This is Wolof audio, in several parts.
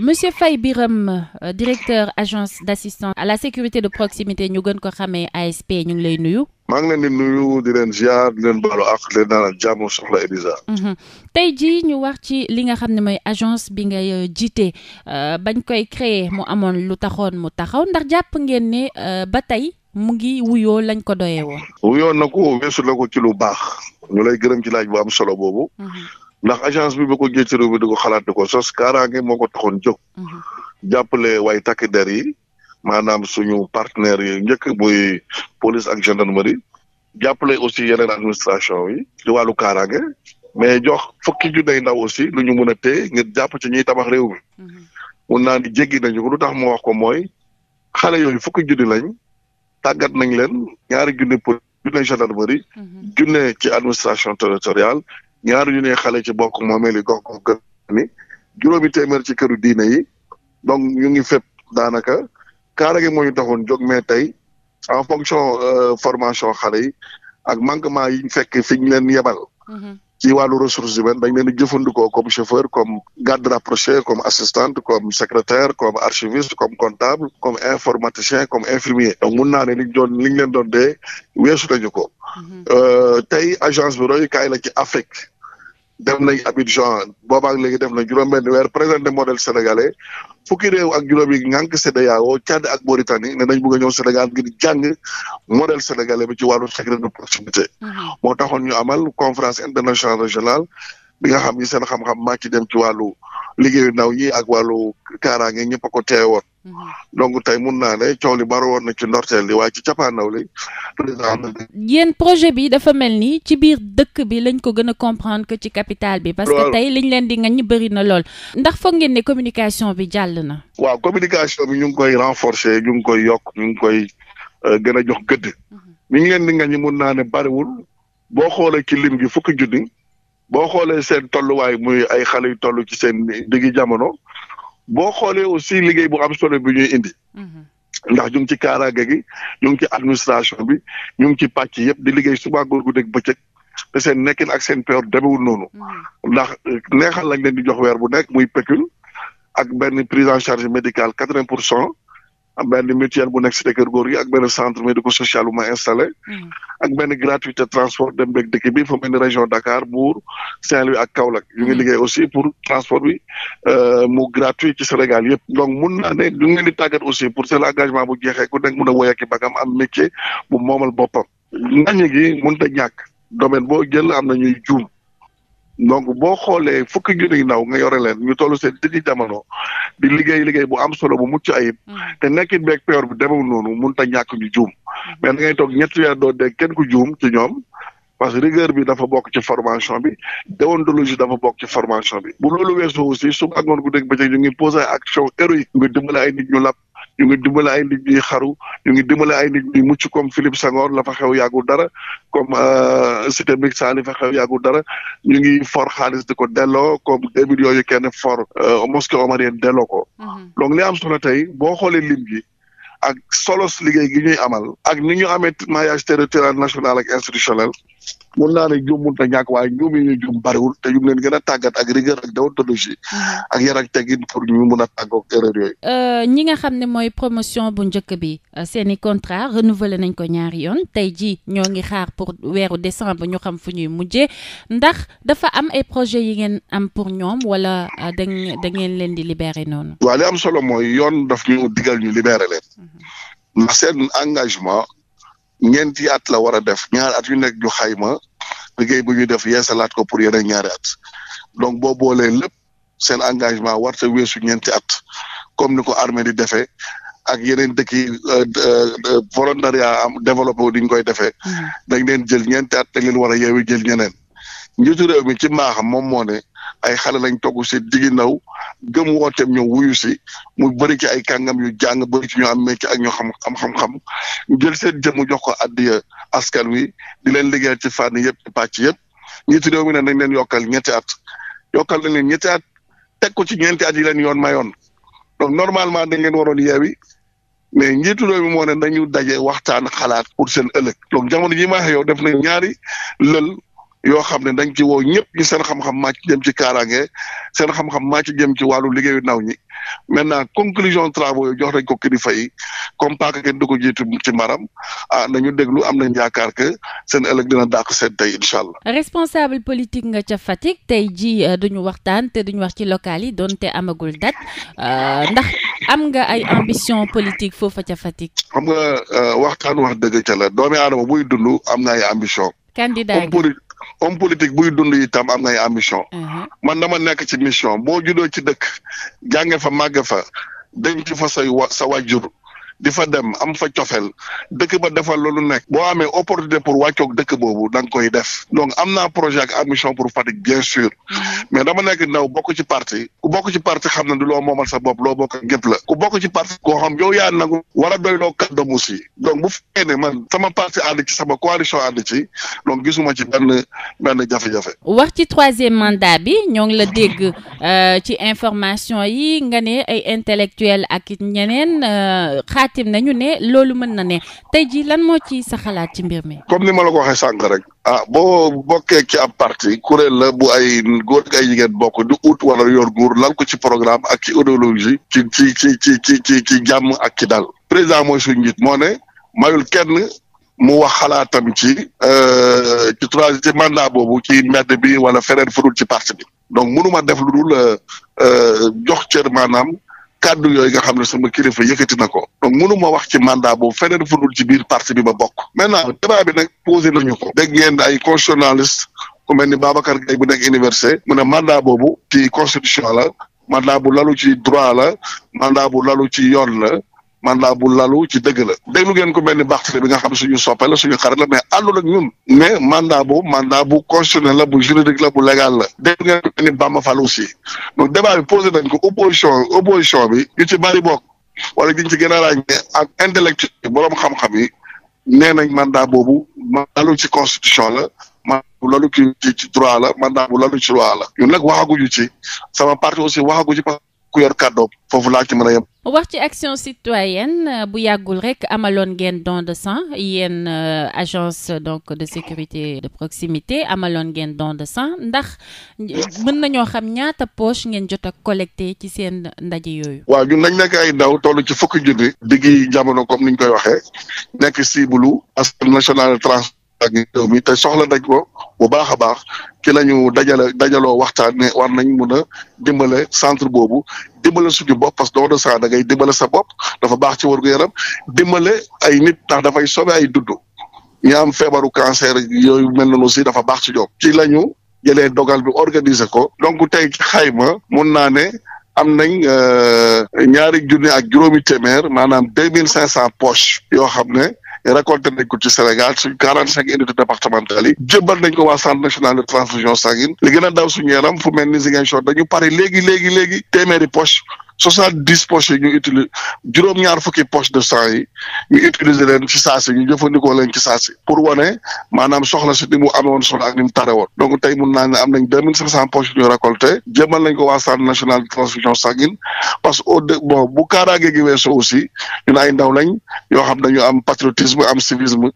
monsieur Faye Biram euh, directeur agence d'assistance à la sécurité de proximité ñu gën ko xamee ASP ñu ngi lay nuyu. maa ngi leen di nuyu di leen ziar di leen baalu ak leen naan jàmm soxla Elisa. Mhm. tey jii ñu wax ci li nga xam ne mooy agence bi nga euh, jiite euh, bañ koy créer mu amoon lu taxoon mu taxaw ndax jàpp ngeen ne ba tey mu ngi wuyoo lañ ko doye woon. wuyoo na ko weesu na ko ci lu baax ñu lay gërëm ci laaj bu am solo boobu. Mhm. ndax agence bi ba ko géej ci réew mi di ko xalaat di ko sos kaaraange moo ko taxoon jóg. Mhm. jàppale way takk yi maanaam suñu partenaires yi njëkk muy police ak mari jàppale aussi yeneen administration yi ci wàllu kaaraange mais jox fukki junni ndaw aussi lu ñu mën a téye ngir jàpp ci ñuy tabax réew mi. Mhm. mun naa ni jéggi ñu ko lu tax ma wax ko mooy xale yooyu fukki junni lañ tàggat nañ leen ñaari junni police junni gendarmerie. Mhm. junni ci administration territoriale ñaar ñu ne xale ci bokk moomeel yi gox gox gën ni ci këru diine yi donc ñu ngi fépp daanaka kaara gi moo ñu taxoon jóg mais tey en fonction euh, formation xale yi ak manquement yi ñu fekk fi ñu leen yebal. Mhm. ci wàllu ressources humaines dañ leen di jëfandikoo comme chauffeur comme garde rapproché comme assistante comme secrétaire comme archiviste comme comptable comme informaticien comme infirmier donc mun naa ne liñ doon liñ leen doon de weesu nañu ko. Mhm. Euh, tey agence bi royukaay la ci Afrique. dem nañ Abidjan boobaak léegi def na juróom-benn weer présenté modèle sénégalais fukki réew ak juróom yi ngànk CEDEAO Tchad ak Mauritanie ne nañ bëgg a ñëw Sénégal ngir jàng modèle sénégalais bi ci wàllu secret de proximité moo taxoon amal conférence internationale régionale bi nga xam ni seen xam-xam màcc dem ci wàllu liggéeyu ndaw ñi ak wàllu kaaraange ñëpp a ko teewoon Mm-hmm. donc tey mun naa ne coow li bari woon na ci ndorteel li waaye ci cappaandaw li président. Mm-hmm. yéen projet bi dafa mel ni ci biir dëkk bi lañ ko gën a comprendre que ci capital bi. parce que tey liñ leen di ngañ bëri na lool. ndax foog ngeen ne communication bi jàll na. waaw communication bi ñu ngi koy renforcer ñu ngi koy yokk ñu ngi koy euh, gën a jox gëdd. Mm-hmm. ñu ngi leen di ngañ mun naa ne bariwul boo xoolee ci lim gi fukki junni boo xoolee seen tolluwaay muy ay xale yu toll ci seen diggi jamono. boo xoolee aussi liggéey bu am solo bi ñuy indi. Mhm. ndax ñu ngi ci kaaraange gi ñu ngi ci administration bi ñu ngi ci pàcc yëpp di liggéey suba góor gu dégg bëccëg te seen nekkin ak seen peor demewul noonu. Mhm. ndax neexal lañ ne di jox weer bu nekk muy pécule ak benn prise en charge médicale quatre-vingt pour cent. am benn mutuelle bu nekk si kër góor gi ak benn centre médico-social bu ma installé. Hmm. ak benn gratuité transport dem beeg dëkk bi fa mel région Dakar Mbour Saint-Louis ak Kaolack ñu ngi hmm. liggéey aussi pour transport bi euh, mu gratuit ci Sénégal yëpp donc mun na ne ñu ngi leen di tàggat aussi pour seen engagement bu jeexee ku nekk mun a woyee ki bagam am métier bu moomal boppam. nañu gi mënut a ñàkk domaine boo jël am na ñu juum donc boo xoolee fukki junniy ndaw nga yore leen ñu toll seen digg jamono di liggéey liggéey bu am solo bu mucc ayib mm. te nekkit beeg peor bi demewul noonu mun ta ñàkk juum mm-hmm. mais na ngay toog ñetti weer doo dégg kenn ku juum ci ñoom parce que rigueur bi dafa bokk ci formation bi déontologie dafa bokk ci formation bi bu loolu weesoo aussi su ak ngoon ku dégg bëccëg ñu ngi posé action héroïque nga dimbale ay nit ñu làpp ñu ngi dimbale ay nit ñuy xaru ñu ngi dimbale ay nit ñuy mucc comme Philippe Senghor la fa xew yàggul dara comme euh, cité Mixane la fa xew yàggul dara ñu ngi for xaalis di ko delloo comme deux millions yooyu kenn for euh, mosquée omarienne delloo ko. Mhm. donc li am solo tey boo xoolee lim gi ak solos liggéey gi ñuy amal. ak ni ñu amee maillage territorial national ak institutionnel mun naa ne juum mënut a ñàkk waaye juum yi ñu juum bariwul te ñu ngi leen gën a tàggat ak rigueur ak déontologie ah. ak yar ak teggin pour ñu mun a tàggoog yooyu. Euh, ñi nga xam ne mooy promotion bu njëkk bi euh, seen i contrat renouvelé nañ ko ñaari yoon tey jii ñoo ngi xaar pour weeru décembre ñu xam fu ñuy mujjee ndax dafa am ay projet yi ngeen am pour ñoom wala euh, da da ngeen leen di libéré noonu. waaw li am solo mooy yoon daf ñu digal ñu libéré leen. Mhm. ndax seen engagement ñeenti at la war a def ñaari at yu nekk ñu xayma liggéey bu ñu def yeesalaat ko pour yeneen ñaari at donc boo boolee lépp seen engagement war te weesu ñeenti at comme ni ko armée di defee ak yeneen dëkk yi euh, euh, euh, volontariat am développé wu koy defee mm-hmm. dañ leen jël ñeenti at dañ leen war a ñeneen njiitu mi ci maaxam moom moo ne ay xale lañ togg si digi naw gëm wooteem ñoo wuyu si mu bëri ci ay kàngam yu jàng bëri ci ñoo am métier ak ñoo xam xam-xam-xam jël seen jëmm jox ko addiya askan wi di leen liggéeyal ci fànn yëpp ci pàcc yëpp njiitu réew mi ne nañ leen yokkal ñetti at yokkal nañ leen ñetti at teg ko ci ñeenti at yi leen yoon mayoon donc normalement dañ leen waroon yeewi mais njiitu réew mi moo ne nañu daje waxtaan xalaat pour seen ëllëg donc jamono ji ma yow def na ñaari lël yoo xam ne dañ ci woo ñëpp ñu seen xam-xam màcc jëm ci kaaraange seen xam-xam màcc jëm ci wàllu liggéeyu ndaw ñi maintenant conclusion travaux yi jox nañ ko kilifa yi comme paaka kenn du ko jiitu ci maram ah, na ñu déglu am nañ yaakaar que seen ëllëg dina dàq seen tey incha allah. responsable politique nga ca Fatick tey ji euh, duñu waxtaan te duñu wax ci local yi donte amagul date euh, ndax am nga ay ambition politique foofa ca Fatick. xam nga euh, waxtaan wax dëgg ca la doomi aadama buy dund am na ay ambition. homme politique bu dund itam am nay ambition. Mhm. man dama nekk ci mission boo juddoo ci dëkk jànge fa màgge fa denc fa say wa sa wàjjur di fa dem am fa cofeel dëkk ba defal loolu nekk boo amee opportunité pour wàccoog dëkk boobu da nga koy def donc am naa projet ak ambition pour Fatick bien sûr mm-hmm. mais dama nekk ndaw bokk ci parti ku bokk ci parti xam ne du loo moomal sa bopp loo bokk gépp la ku bokk ci parti koo xam yow yaa nangu war a doy loo kàddoom aussi donc bu fekkee ne man sama parti ànd ci sama coalition ànd ci donc gisuma ci benn jafe-jafe. wax ci troisième mandat bi ñoo la dégg euh, ci victime nañu ne loolu mën na ne tey jii lan moo ci sa xalaat ci mbir mi. comme ni ma la ko waxee sànq rek. ah boo bokkee ci ab parti kuréel la bu ay góor ak ay jigéen bokk du ut wala yor nguur lal ko ci programme ak ci idéologie ci ci ci ci ci ci ci jàmm ak ci dal président mooy suñu njiit moo ne mayul kenn. mu wax xalaatam ci euh, ci trois ci mandat boobu ci mbedd bi wala feneen furul ci parti bi donc mënuma def lu dul euh, euh, jox cër maanaam kàddu yooyu nga xam ne sama kilifa yëkkati na ko donc mënu ma wax ci mandat boobu feneen fu dul parti bi ma bokk maintenant débat bi nag posé nañu ko dégg ngeen ay constitutionnaliste ku mel ni Babacar Gaye bu nekk université mu ne mandat ci constitution la mandat bu lalu ci droit la mandat bu lalu ci yoon la mandat bu lalu ci dëgg la déglu ngeen ko mel ni Baxte bi nga xam suñu soppe la suñu la mais àndul ñun mais mandat boobu mandat bu constitutionnel la bu juridique la bu légal la déglu ngeen ko mel ni Bamba Fall aussi donc bi posé nañ ko opposition opposition bi ñu ci bari bokk wala ñu ci gën a ràññee ak intellectuel boroom xam-xam yi nee nañ mandat boobu lalu ci constitution la mandat bu lalu ci ci droit la mandat bu lalu ci loi la ñun nag waxaguñu sama parti aussi waxaguñu ci ku yor kàddoom foofu laa ci mën a yem. wax ci action citoyenne euh, bu yàggul rek amaloon ngeen don de sang yéen euh, agence donc de sécurité de proximité amaloon ngeen don de sang ndax mën nañoo xam ñaata poche ngeen jot a collecté ci seen ndaje yooyu. waaw ñun nañ nekk ay ndaw toll ci fukki junni. diggi jamono comme ni koy waxee nekk cible lu askan national transport. ak réew mi te soxla dañ ko bu baax a baax ki la ñu dajale dajaloo waxtaan ne war nañ mun a dimbale centre boobu dimbale suñu bopp parce que don de sang da ngay dimbale sa bopp dafa baax ci wérgu yaram dimbale ay nit dafa ay sobe ay dudd ñi am feebaru cancer yooyu mel noonu aussi dafa baax ci ñoom ci la ñu jëlee dogal bi organiser ko donc tey xayma mun naa ne am nañ euh, ñaari junne ak juróomi téeméer maanaam deux mille cinq cent poche yoo xam ne récolté nañ ko ci Sénégal suñ quarante cinq unités départementales yi jébbal nañ ko waa centre national de transfusion sanguine li gën a daw suñu yaram fu mel ni Ziguinchor dañu pare léegi léegi léegi téeméeri poche soixante dix poches yi ñu utiliser juróom-ñaar fukki poche de sang yi ñu utiliser ci saasi ñu jëfandikoo leen ci saasi pour wane maanaam soxla si ni mu amee woon solo ak ni mu tare woon donc tey mun naa ne am nañ deux mille cinq cent poches yu ñu récolté jëmal nañ ko waa centre national de transfusion sanguine parce que au de bon bu kaaraange gi weesoo aussi ñun ay ndaw lañ yoo xam dañu am patriotisme am civisme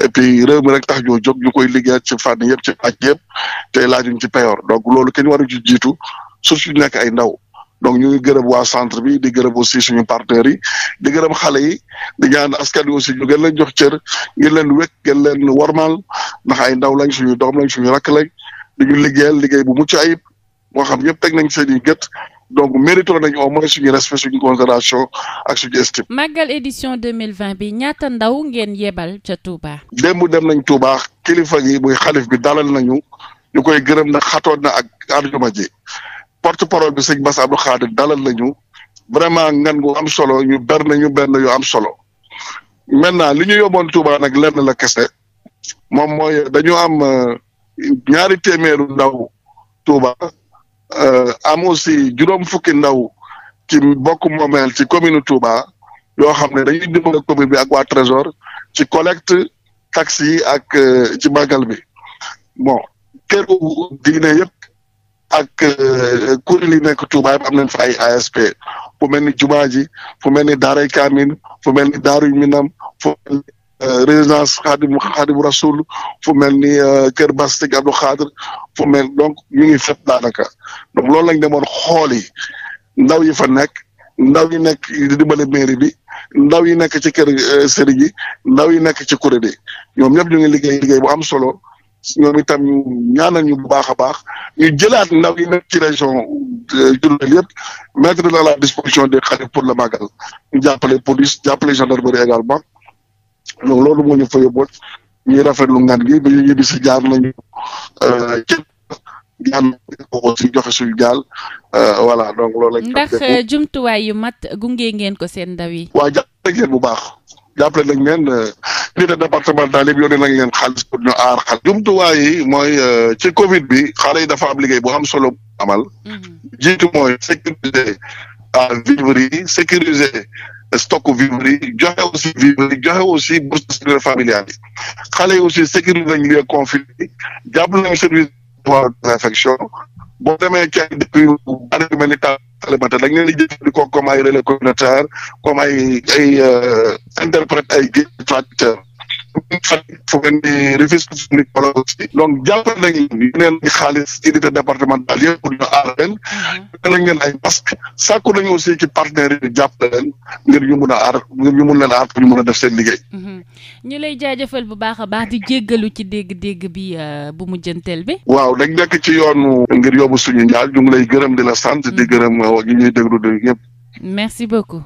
et puis réew mi rek tax ñoo jóg ñu koy liggéey ci fànn yëpp ci pàcc yëpp te laajuñ ci payoor donc loolu kenn waru ci jiitu su ñu nekk ay ndaw donc ñu ngi gërëm waa centre bi di gërëm aussi suñu partenaires yi di gërëm xale yi di ñaan askan aussi ñu gën leen jox cër ngir leen wekk gën leen warmal ndax ay ndaw lañ suñu doom lañ suñu rakk lañ di ñu liggéeyal liggéey bu mucc ayib moo xam ñëpp teg nañ seen i gët donc mérito nañu au moins suñu respect suñu considération ak suñu estime. màggal édition deux mille vingt bi ñaata ndaw ngeen yebal ca Touba. démb dem nañ Touba kilifa yi muy xalif bi dalal nañu ñu koy gërëm na xatoon na ak àjjuma ji porte parole bi sëñ Bass Abdou Khadre dalal nañu vraiment ngan gu am solo ñu ber nañu benn yu am solo maintenant li ñu yóbboon Touba nag lenn la kese moom mooy dañu am euh, ñaari téeméeru ndaw Touba euh, am aussi juróom fukki ndaw ci bokk moomeel ci commune Touba yoo xam ne dañuy dimbale commune bi ak waa trésor ci collecte taxes yi ak euh, ci màggal bi bon këru diine yëpp ak euh, kuréel yi nekk Touba am nañ fa ay ASP fu mel ni jumaa ji fu mel ni daaray Kaamil fu mel ni daaruy Minam fu mel ni euh, résidence Xaadim Xaadim Rasul fu mel ni euh, Kër Bastik Abdou Xaadir mel donc ñu ngi fépp daanaka donc loolu lañ demoon xool yi ndaw yi fa nekk ndaw yi nekk di dimbale mairie bi ndaw yi nekk ci kër sëriñ yi ndaw yi nekk ci kuréel yi ñoom ñëpp ñu ngi liggéey liggéey am solo ñoom itam ñu ñaanal ñu bu baax a baax ñu jëlaat ndaw yi nekk ci région euh, Diourbel yëpp mettre à la disposition des xale pour le magal ñu jàppale police jàppale gendarmerie également donc loolu moo ñu fa yóbboon ñuy rafetlu ngan gi ba ñu ñibbi si jaar nañu euh, cë jaan aussi joxe suñu gaal euh, voilà donc loolu lañ ndax jumtuwaay yu mat gunge ngeen ko seen ndaw waa waaw jàppale ngeen bu baax jàppale nañ leen unité euh, départementale yëpp yónnee nañ leen xaalis pour ñu aar xal jumtuwaay yi mooy euh, ci Covid bi xale yi dafa am liggéey bu am solo amal. Mhm. jiitu mooy sécuriser à vivre yi sécuriser stock vivre yi joxe aussi vivre yi joxe aussi bourse sécurité yi xale yi aussi sécuriser nañ lieu ja yi jàppale nañ service de préfection boo demee kenn depuis année bi mel ni Talimata dañ leen di jëfandikoo comme ay relais communautaire comme ay ay euh, interprète ay guide traducteur Fatick foog ne Rufisque suñu wala aussi donc jàppale nañ leen yeneen i xaalis unité départementale yëpp pour ñu aar mhm. leen. ngir ñu mun a aar ngir ñu mun leen aar pour ñu mun a def seen liggéey. Mhm. ñu lay jaajëfal bu baax a baax di jéggalu ci dégg-dégg bi euh, bu mu mujjanteel bi. waaw dañ nekk ci yoonu. ngir yóbbu suñu njaal ñu ngi lay gërëm di la sant di mhm. gërëm euh, ñi ñuy déglu di ñëpp. merci beaucoup.